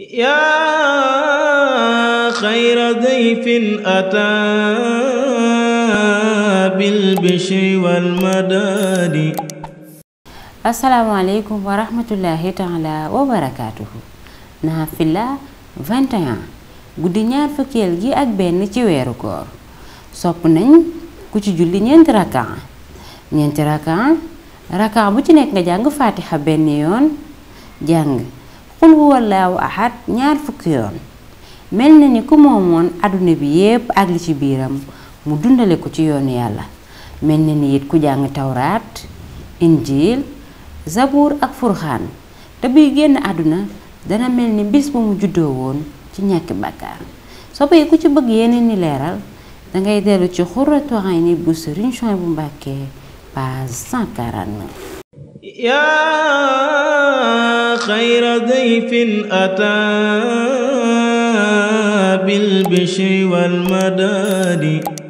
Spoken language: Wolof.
yaa xayra dayfin ataa bil bishri wal madaadi asalaamaaleykum wa rahmatullahi taala wa barakaatuhu guddi ñaar fukkeel gi ak benn ci weeru ko sopp nañ ku ci julli ñeenti rakaa ñeenti rakaa rakaa bu ci nekk nga jàng faatixa benn yoon jàng xul huwallaahu ahad ñaar fukki yoon mel ni ku moomoon àdduna bi yépp ak li ci biiram mu dundale ko ci yoonu yàlla mel na ni it ku jàng tawraat injiil zabuur ak furxaan te buy génn àdduna dana mel ni bis bu mu juddoo woon ci ñàkki bàkkaar soppe ku ci bëgg yeneen ni leeral dangay dellu ci Xurratu Ayni bu Sëriñ Suhaybu bu Mbàkke page 149 خير ضيف أتى بالبشر والمداد